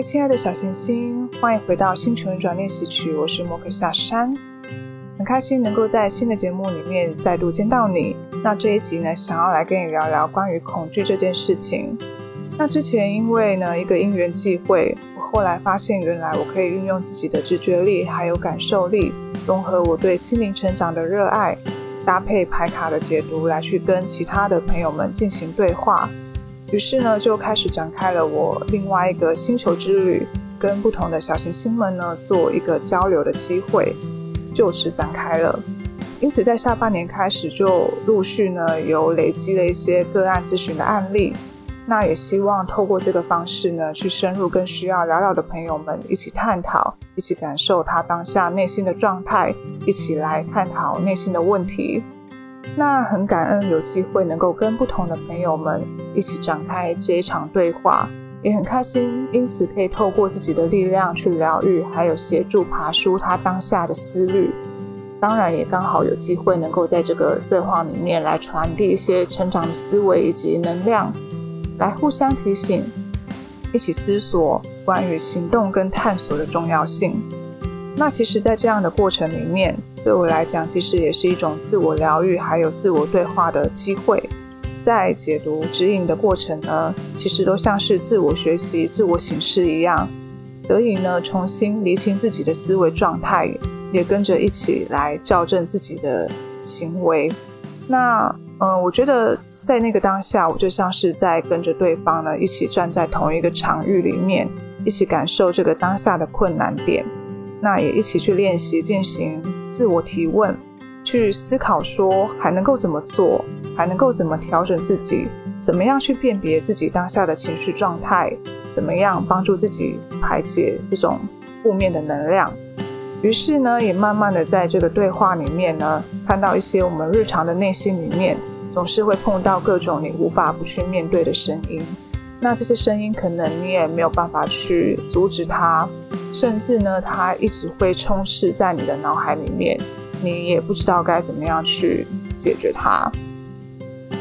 Hey, 親愛的小星星，歡迎回到《星球轉練習曲》，我是莫克夏珊，很開心能夠在新的節目裡面再度見到你。那這一集呢，想要來跟你聊聊關於恐懼這件事情。那之前因為呢一個因緣際會，我後來發現原來我可以運用自己的直覺力還有感受力，融合我對心靈成長的熱愛，搭配牌卡的解讀來去跟其他的朋友們進行對話。於是呢，就開始展開了我另外一個星球之旅，跟不同的小行星們呢做一個交流的機會，就此展開了。因此，在下半年開始就陸續呢有累積了一些個案諮詢的案例。那也希望透過這個方式呢，去深入跟需要聊聊的朋友們一起探討，一起感受他當下內心的狀態，一起來探討內心的問題。那很感恩有機會能夠跟不同的朋友們一起展開這一場對話，也很開心。因此可以透過自己的力量去療癒，還有協助爬梳他當下的思慮。當然也剛好有機會能夠在這個對話裡面來傳遞一些成長的思維以及能量，來互相提醒，一起思索關於行動跟探索的重要性。那其實，在這樣的過程裡面。對我來講，其實也是一種自我療癒，還有自我對話的機會。在解讀指引的過程呢，其實都像是自我學習、自我省視，一樣，得以呢重新理清自己的思維狀態，也跟着一起來校正自己的行為。那，呃，我覺得在那個當下，我就像是在跟着對方呢一起站在同一個場域裡面，一起感受這個當下的困難點。那也一起去練習，進行自我提問，去思考說還能夠怎麼做，還能夠怎麼調整自己，怎麼樣去辨別自己當下的情緒狀態，怎麼樣幫助自己排解這種負面的能量。於是呢，也慢慢的在這個對話裡面呢，看到一些我們日常的內心裡面總是會碰到，各種你無法不去面對的聲音。那這些聲音可能你也沒有辦法去阻止它，甚至呢，它一直會充斥在你的腦海裡面，你也不知道該怎麼樣去解決它。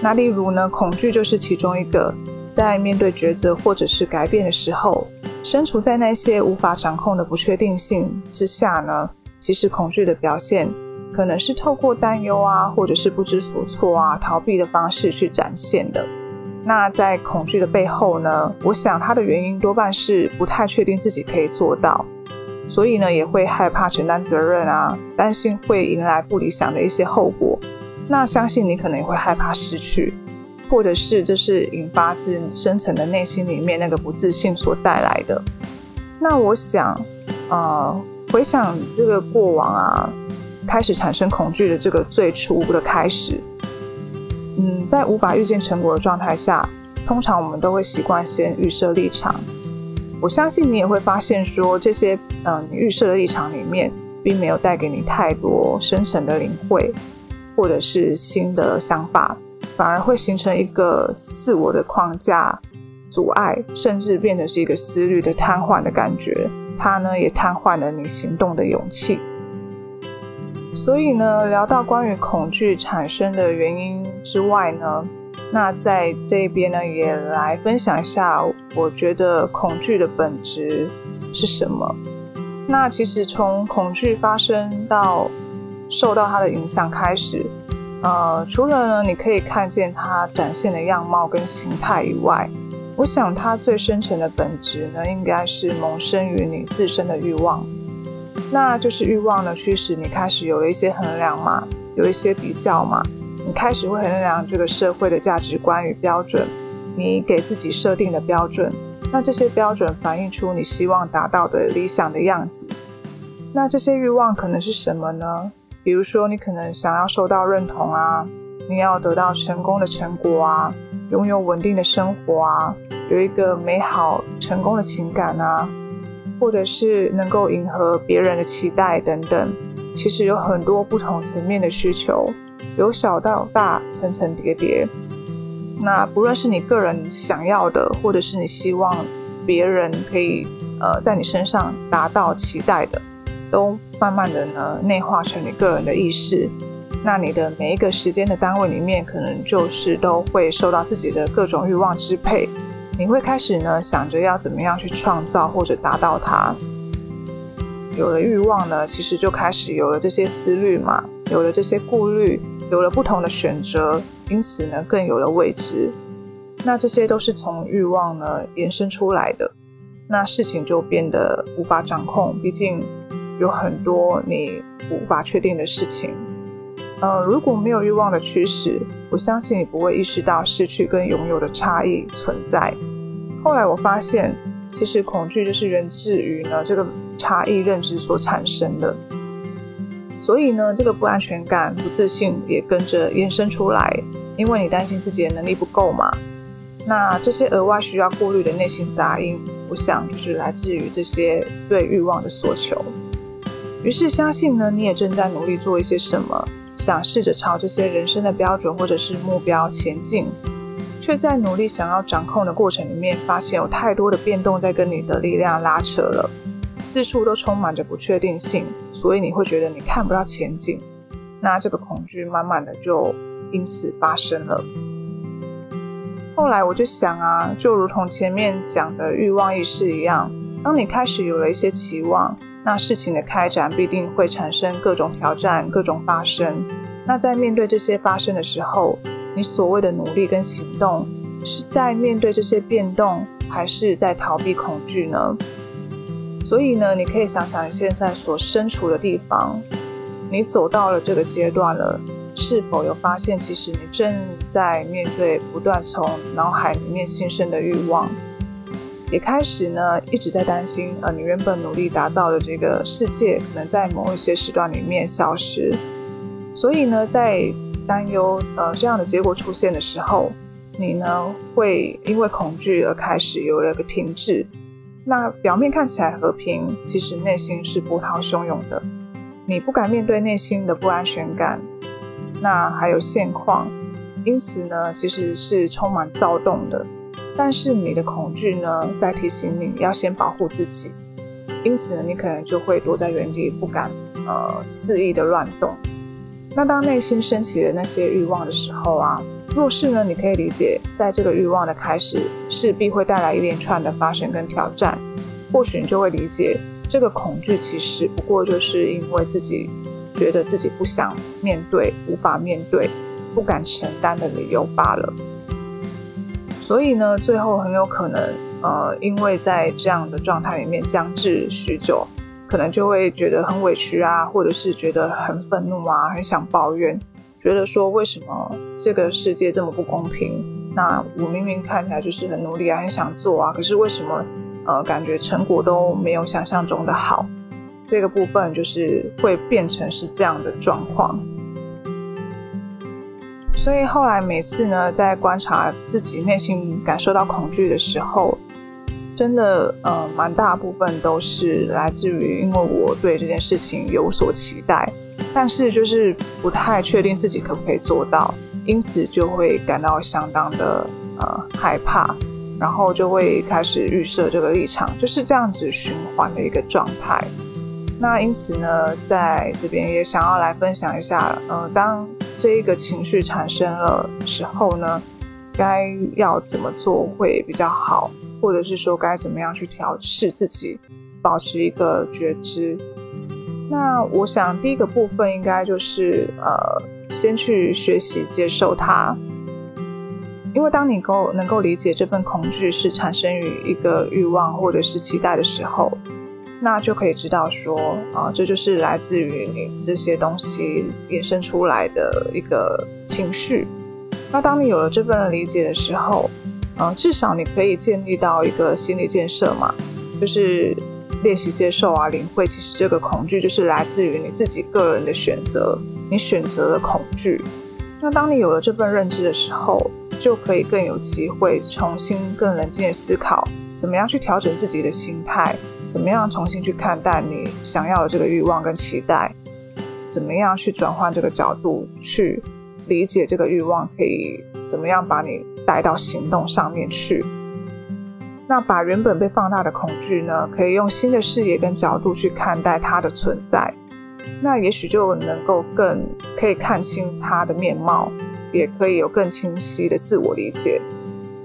那例如呢，恐懼就是其中一個，在面對抉擇或者是改變的時候，身處在那些無法掌控的不確定性之下呢，其實恐懼的表現可能是透過擔憂啊，或者是不知所措啊，逃避的方式去展現的。那在恐懼的背後呢？我想他的原因多半是不太確定自己可以做到，所以呢，也會害怕承擔責任啊，擔心會迎來不理想的一些後果。那相信你可能也會害怕失去，或者是就是引發自深層的內心裡面那個不自信所帶來的。那我想，呃，回想這個過往啊，開始產生恐懼的這個最初的開始。嗯，在無法預見成果的狀態下，通常我們都會習慣先預設立場。我相信你也會發現說，說這些嗯預設的立場裡面，並沒有帶給你太多深層的領會，或者是新的想法，反而會形成一個自我的框架，阻礙，甚至變成是一個思慮的癱瘓的感覺。它呢，也癱瘓了你行動的勇氣。所以呢，聊到關於恐懼產生的原因之外呢，那在這邊呢，也來分享一下，我覺得恐懼的本質是什麼？那其實從恐懼發生到受到它的影響開始，呃，除了呢，你可以看見它展現的樣貌跟形態以外，我想它最深層的本質呢，應該是萌生於你自身的慾望。那就是慾望的驅使，你開始有了一些衡量嘛，有一些比較嘛，你開始會衡量這個社會的價值觀與標準，你給自己設定的標準，那這些標準反映出你希望達到的理想的樣子。那這些慾望可能是什麼呢？比如說，你可能想要受到認同啊，你要得到成功的成果啊，擁有穩定的生活啊，有一個美好成功的情感啊。或者是能夠迎合別人的期待等等，其實有很多不同層面的需求，由小到大，層層疊疊。那不論是你個人想要的，或者是你希望別人可以呃在你身上達到期待的，都慢慢的呢內化成你個人的意識。那你的每一個時間的單位裡面，可能就是都會受到自己的各種欲望支配。你會開始呢，想着要怎麼樣去創造或者達到它。有了慾望呢，其實就開始有了這些思慮嘛，有了這些顧慮，有了不同的選擇，因此呢，更有了未知。那這些都是從慾望呢延伸出來的，那事情就變得無法掌控，畢竟有很多你無法確定的事情。呃，如果沒有慾望的驅使，我相信你不會意識到失去跟擁有的差異存在。後來我發現，其實恐懼就是源自於呢這個差異認知所產生的。所以呢，這個不安全感、不自信也跟着延伸出來，因為你擔心自己的能力不夠嘛。那這些額外需要過濾的內心雜音，我想就是來自於這些對慾望的索求。於是相信呢，你也正在努力做一些什麼。想試着朝這些人生的標準或者是目標前進，却在努力想要掌控的過程裡面，發現有太多的變動在跟你的力量拉扯了，四處都充滿着不確定性，所以你會覺得你看不到前景，那這個恐懼慢慢的就因此發生了。後來我就想啊，就如同前面講的欲望意識一樣，當你開始有了一些期望。那事情的開展必定會產生各種挑戰、各種發生。那在面對這些發生的時候，你所謂的努力跟行動，是在面對這些變動，還是在逃避恐懼呢？所以呢，你可以想想你現在所身處的地方，你走到了這個階段了，是否有發現，其實你正在面對不斷從腦海裡面新生的欲望？也開始呢，一直在擔心，呃，你原本努力打造的這個世界，可能在某一些時段裡面消失。所以呢，在擔憂，呃，這樣的結果出現的時候，你呢會因為恐懼而開始有了個停滯。那表面看起來和平，其實內心是波濤洶湧的。你不敢面對內心的不安全感，那還有現況，因此呢，其實是充滿躁動的。但是你的恐懼呢，在提醒你要先保護自己，因此呢，你可能就會躲在原地，不敢呃肆意的亂動。那當內心升起的那些慾望的時候啊，若是呢，你可以理解，在這個慾望的開始，勢必會帶來一連串的發生跟挑戰。或許你就會理解，這個恐懼其實不過就是因為自己覺得自己不想面對、無法面對、不敢承擔的理由罷了。所以呢，最後很有可能，呃，因為在這樣的狀態裡面僵持許久，可能就會覺得很委屈啊，或者是覺得很憤怒啊，很想抱怨，覺得說為什麼這個世界這麼不公平？那我明明看起來就是很努力啊，很想做啊，可是為什麼，呃，感覺成果都沒有想象中的好？這個部分就是會變成是這樣的狀況。所以後來每次呢，在觀察自己內心感受到恐懼的時候，真的呃，蠻大部分都是來自於，因為我對這件事情有所期待，但是就是不太確定自己可不可以做到，因此就會感到相當的呃，害怕，然後就會開始預設這個立場，就是這樣子循環的一個狀態。那因此呢，在這邊也想要來分享一下，呃，當。這一個情緒產生了之後呢，該要怎麼做會比較好，或者是說該怎麼樣去調試自己，保持一個覺知。那我想第一個部分應該就是呃，先去學習接受它，因為當你夠能夠理解這份恐懼是產生於一個慾望或者是期待的時候。那就可以知道說，啊、嗯，這就是來自於你這些東西衍生出來的一個情緒。那當你有了這份理解的時候，嗯，至少你可以建立到一個心理建設嘛，就是練習接受啊，領會其實這個恐懼就是來自於你自己個人的選擇，你選擇的恐懼。那當你有了這份認知的時候，就可以更有機會重新更冷靜地思考，怎麼樣去調整自己的心態。怎麼樣重新去看待你想要的這個慾望跟期待？怎麼樣去轉換這個角度去理解這個慾望？可以怎麼樣把你帶到行動上面去？那把原本被放大的恐懼呢，可以用新的視野跟角度去看待它的存在，那也許就能夠更可以看清它的面貌，也可以有更清晰的自我理解。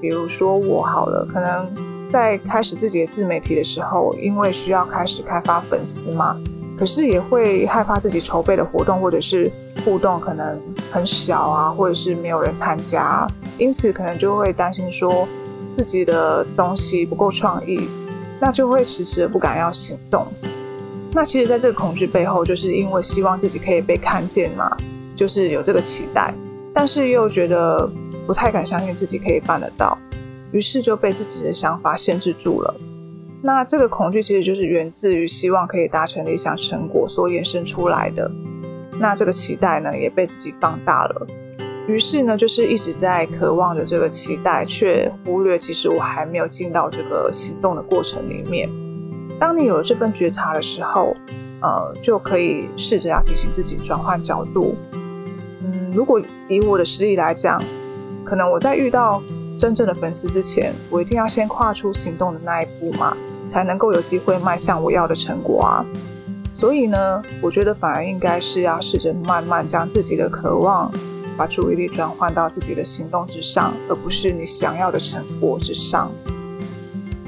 比如說我好了，可能。在開始自己的自媒體的時候，因為需要開始開發粉絲嘛，可是也會害怕自己籌備的活動或者是互動可能很小啊，或者是沒有人參加啊，因此可能就會擔心說自己的東西不夠創意，那就會遲遲不敢要行動。那其實，在這個恐懼背後，就是因為希望自己可以被看見嘛，就是有這個期待，但是又覺得不太敢相信自己可以辦得到。於是就被自己的想法限制住了。那這個恐懼其實就是源自於希望可以達成理想成果所衍生出來的。那這個期待呢，也被自己放大了。於是呢，就是一直在渴望着這個期待，卻忽略其實我還沒有進到這個行動的過程裡面。當你有了這份覺察的時候，呃，就可以試着要提醒自己轉換角度。嗯，如果以我的實力來講，可能我在遇到真正的粉絲之前，我一定要先跨出行動的那一步嘛，才能夠有機會邁向我要的成果啊。所以呢，我覺得反而應該是要試着慢慢將自己的渴望，把注意力轉換到自己的行動之上，而不是你想要的成果之上。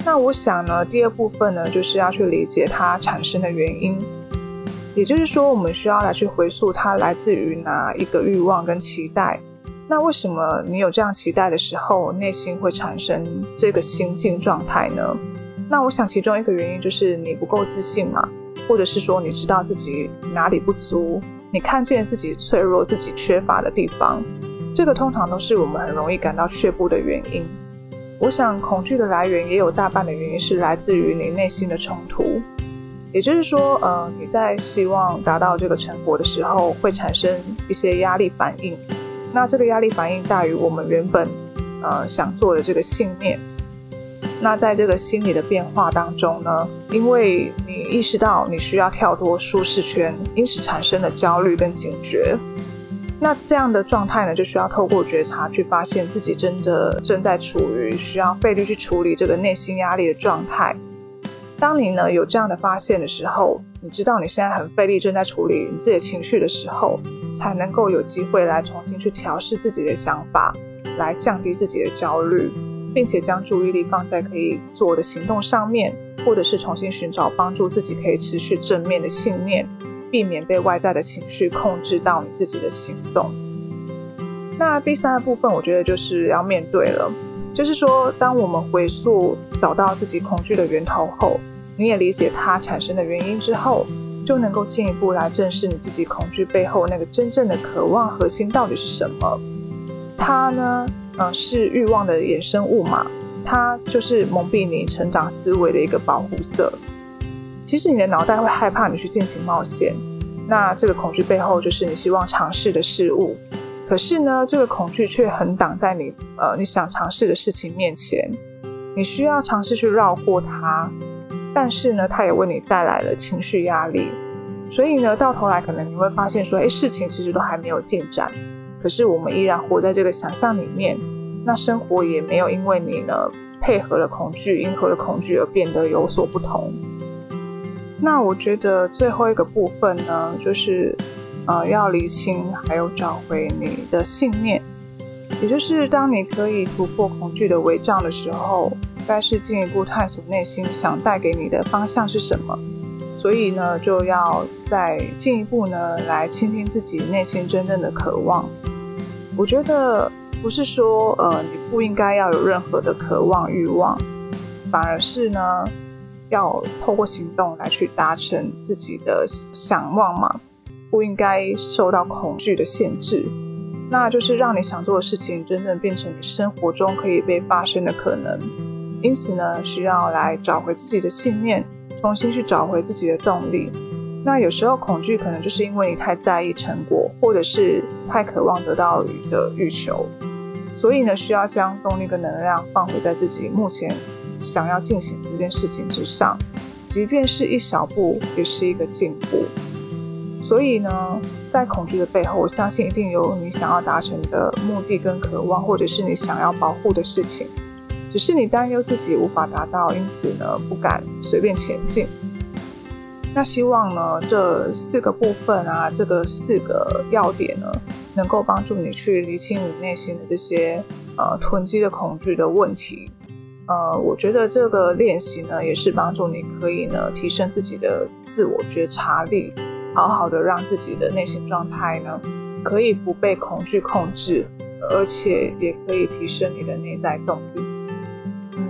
那我想呢，第二部分呢，就是要去理解它產生的原因，也就是說，我們需要來去回溯它來自於哪一個慾望跟期待。那為什麼你有這樣期待的時候，內心會產生這個心境狀態呢？那我想其中一個原因就是你不夠自信嘛，或者是說你知道自己哪裡不足，你看見自己脆弱、自己缺乏的地方，這個通常都是我們很容易感到卻步的原因。我想恐懼的來源也有大半的原因是來自於你內心的衝突，也就是說，呃，你在希望達到這個成果的時候會產生一些壓力反應。那這個壓力反應大於我們原本呃想做的這個信念。那在這個心理的變化當中呢，因為你意識到你需要跳脫舒適圈，因此產生了焦慮跟警覺。那這樣的狀態呢，就需要透過覺察去發現自己真的正在處於需要費力去處理這個內心壓力的狀態。當你呢有這樣的發現的時候，你知道你現在很費力正在處理你自己的情緒的時候，才能夠有機會來重新去調試自己的想法，來降低自己的焦慮，並且將注意力放在可以做的行動上面，或者是重新尋找幫助自己可以持續正面的信念，避免被外在的情緒控制到你自己的行動。那第三個部分，我覺得就是要面對了，就是說，當我們回溯找到自己恐懼的源頭後，你也理解它產生的原因之後。就能夠進一步來正視你自己恐懼背後那個真正的渴望核心到底是什麼？它呢，嗯、呃，是欲望的衍生物嘛？它就是蒙蔽你成長思維的一個保護色。其實你的腦袋會害怕你去進行冒險，那這個恐懼背後就是你希望嘗試的事物，可是呢，這個恐懼卻橫擋在你呃，你想嘗試的事情面前，你需要嘗試去繞過它。但是呢，它也為你帶來了情緒壓力，所以呢，到頭來可能你會發現說，哎，事情其實都還沒有進展，可是我們依然活在這個想象裡面，那生活也沒有因為你呢配合了恐懼，迎合了恐懼而變得有所不同。那我覺得最後一個部分呢，就是，呃，要釐清，還有找回你的信念，也就是當你可以突破恐懼的圍障的時候。應該是進一步探索內心，想帶給你的方向是什麼，所以呢，就要再進一步呢，來傾聽自己內心真正的渴望。我覺得不是說，呃，你不應該要有任何的渴望、慾望，反而是呢，要透過行動來去達成自己的想望嘛，不應該受到恐懼的限制，那就是讓你想做的事情真正變成你生活中可以被發生的可能。因此呢，需要來找回自己的信念，重新去找回自己的動力。那有時候恐懼可能就是因為你太在意成果，或者是太渴望得到你的欲求。所以呢，需要將動力跟能量放回在自己目前想要進行的這件事情之上，即便是一小步，也是一個進步。所以呢，在恐懼的背後，我相信一定有你想要達成的目的跟渴望，或者是你想要保護的事情。只是你擔憂自己無法達到，因此呢，不敢隨便前進。那希望呢這四個部分啊，這個四個要點呢，能夠幫助你去理清你內心的這些呃囤積的恐懼的問題。呃，我覺得這個練習呢也是幫助你可以呢提升自己的自我覺察力，好好的讓自己的內心狀態呢可以不被恐懼控制，而且也可以提升你的內在動力。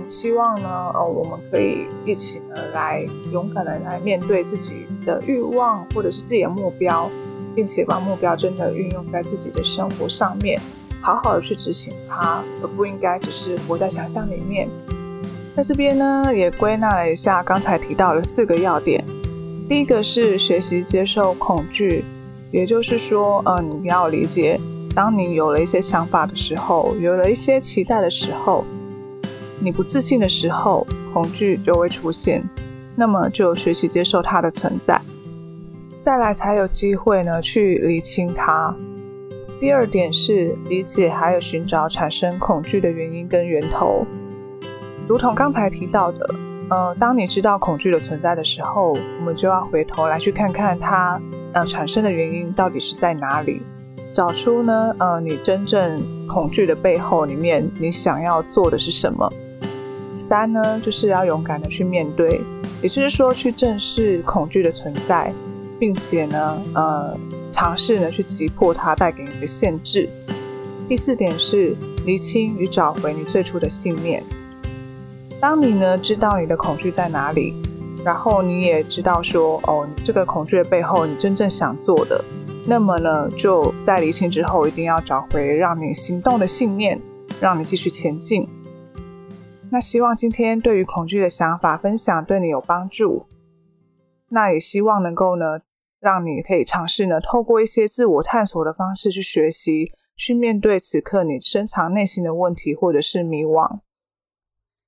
希望呢，呃、哦，我們可以一起呢，來勇敢的來面對自己的慾望，或者是自己的目標，並且把目標真的運用在自己的生活上面，好好的去執行它，而不應該只是活在想象裡面。在這邊呢，也歸納了一下剛才提到的四個要點。第一個是學習接受恐懼，也就是說，嗯，你要理解，當你有了一些想法的時候，有了一些期待的時候。你不自信的時候，恐懼就會出現，那麼就學習接受它的存在，再來才有機會呢去理清它。第二點是理解還有尋找產生恐懼的原因跟源頭，如同剛才提到的，呃，當你知道恐懼的存在的時候，我們就要回頭來去看看它，呃，產生的原因到底是在哪裡，找出呢，呃，你真正恐懼的背後裡面，你想要做的是什麼。三呢，就是要勇敢的去面對，也就是說，去正視恐懼的存在，並且呢，呃，嘗試呢去擊破它帶給你的限制。第四點是釐清與找回你最初的信念。當你呢知道你的恐懼在哪裡，然後你也知道說，哦，這個恐懼的背後你真正想做的，那麼呢就在釐清之後，一定要找回讓你行動的信念，讓你繼續前進。那希望今天對於恐懼的想法分享對你有幫助，那也希望能夠呢，讓你可以嘗試呢，透過一些自我探索的方式去學習，去面對此刻你深藏內心的問題或者是迷惘，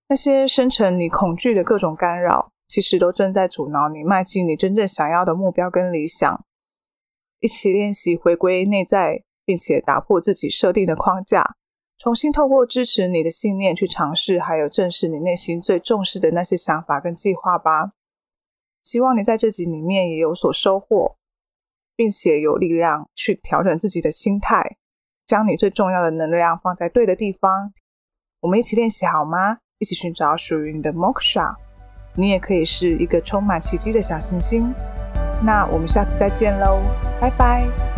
那些生成你恐懼的各種干擾，其實都正在阻撓你邁進你真正想要的目標跟理想。一起練習回歸內在，並且打破自己設定的框架。重新透過支持你的信念去嘗試，還有正視你內心最重視的那些想法跟計劃吧。希望你在這集裡面也有所收穫，並且有力量去調整自己的心態，將你最重要的能量放在對的地方。我們一起練習好嗎？一起尋找屬於你的 Moksha。你也可以是一個充滿奇蹟的小行星。那我們下次再見嘍，拜拜。